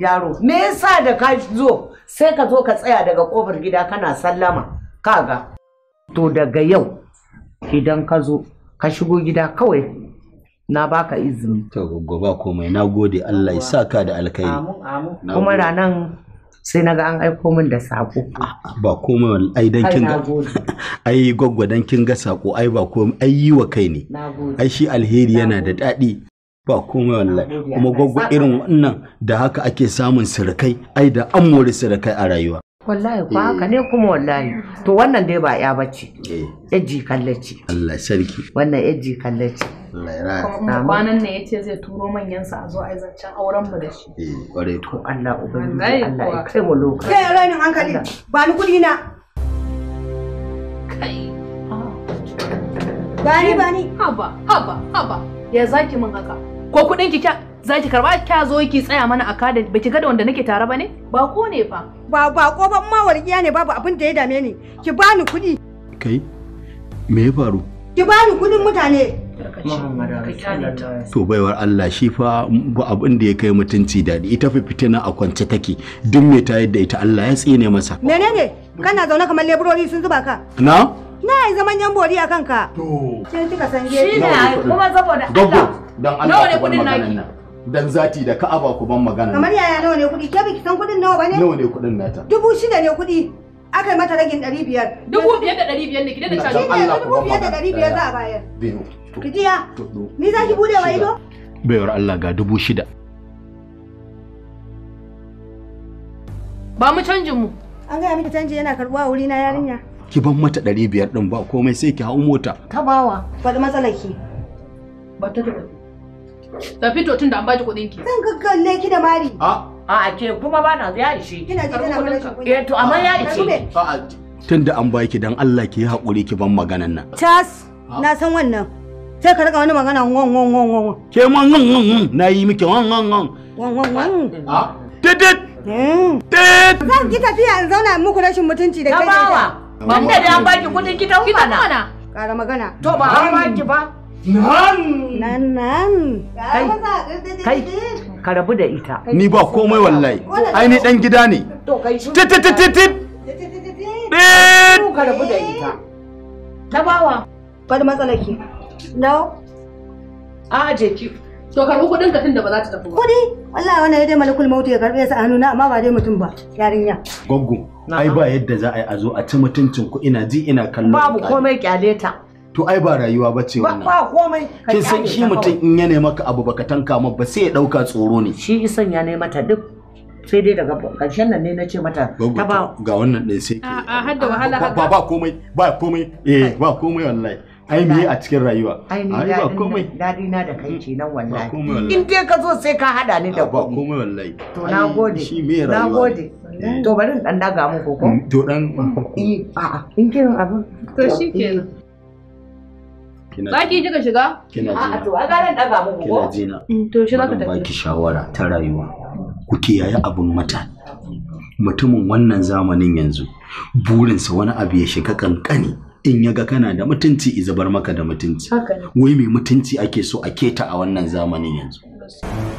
yaro me yasa da ka zo sai ka zo ka tsaya daga kofar gida kana sallama kaga to daga yau idan ka zo ka shigo gida kawai na baka izini to gobe komai na gode Allah ya saka da alkai kuma ranan sai naga an aiko min da sako ba komai ai dan kin ga ai gwaggwadan kin ga sako ai ba komai ai yi wa kai ne ai shi alheri yana da daɗi ba komai wallahi kuma gwaggwa irin wannan da haka ake samun sirkai ai da an more sirkai a rayuwa wallahi ko haka eh. ne kuma wallahi to wannan dai ba ya bace eh. yaji kallaci Allah sarki wannan yaji kallaci kwanan ne yace ce zai turo manyan sa a zo a zancan auren mu da shi eh, kware to Allah ubangiji Allah ya kai mu lokaci kai rainin hankali ba ni kudi na kai gani ah. bani haba haba haba ya zaki mun haka ko kudin ki kya za ki karba kya zo ki tsaya mana a kada ba ki ga da wanda nake tare ba ne ba ko ne fa ba ba ko ba ma wargiya ne babu abin da ya dame ni ki bani kudi kai me ya faru ki bani kudin mutane to baiwar Allah shi fa ba abin da ya kai mutunci daɗi ita fa fitina a kwance take duk mai ta yadda ita Allah ya tsine masa menene kana zaune kamar leburori sun zuba ka na na yi zaman yan bori a kanka to kin kika san shi ne kuma saboda Allah dan Allah ku ban magana na dan zati da ka'aba ku ban magana kamar yaya nawa ne kudi ke biki san kudin nawa bane nawa ne kudin nata dubu shida ne kudi aka mata ragin 500 biyar dubu biyar da 500 biyar ne ki da ta shi ne dubu biyar da 500 za a bayar biyu kijiya ni za ki bude wa ido bayar Allah ga dubu shida ba mu canjin mu an gaya miki canji yana karbuwa wuri na yarinya ki ban mata ɗari biyar ɗin ba komai sai ki hau mota ta bawa faɗi matsalar ki ba ta da Ta fito tun da an baki kuɗin ki. Zan gaggalle ki da mari. A a ke kuma ba na ya ishe. Kina ji tana fara kuɗi. Eh to amma ya ishe. A'a tun da an baki dan Allah ki haƙuri ki ban maganan nan. Tas na san wannan. Sai ka rika wani magana ngon ngon ngon ngon. Ke man ngon ngon ngon na yi miki ngon ngon ngon. Ngon ngon ngon. A didit. Didit. Hmm. Zan ki tafiya in zauna muku rashin mutunci da kai da ita. Ba da an baki kuɗin ki ta mana. Kara magana. To ba an baki ba. Nan! Nan nan! Kai, ka rabu da ita. Ni ba komai wallahi. Ai ni dan gida ne. To kai shi. Tit tit tit tit. Ka rabu da ita. Tabawa. Bari matsala ke. No. A aje ki. To karbi kudin ka tunda ba za ta tafi ba. kuɗi Kudi? Wallahi wannan dai malakul mautu ya karbe a hannuna amma ba dai mutum ba. Yarinya. Goggo. Ai ba yadda za a yi a zo a ci mutuncin ku ina ji ina kallon. Babu komai kyale ta. to ai ba rayuwa ba ce wannan ba komai kin san shi mutum in ya nema ka abu baka tanka ma ba sai ya dauka tsoro ne shi isan ya nema ta duk sai dai daga karshen nan ne na mata ta ba ga wannan ɗaya sai ke a hadda da wahala ba ba komai ba komai eh ba komai wallahi ai me a cikin rayuwa ai ba komai dadi na da kai ce nan wallahi in dai ka zo sai ka hada ni da ba komai wallahi to na gode shi me rayuwa na gode eh. to bari in dan daga muku ko to dan eh, a a in kiran abu to shikenan Ba ki kika shiga? Kina A to a garan daga muku Kina jina. Mm, to shi zaka tafi. Ba shawara ta rayuwa. Ku kiyaye abun mata. Mutumin wannan zamanin yanzu burinsa wani abu ya shiga kankani in ya ga kana da mutunci izabar maka da mutunci. Wai mai mutunci ake so a keta a wannan zamanin yanzu.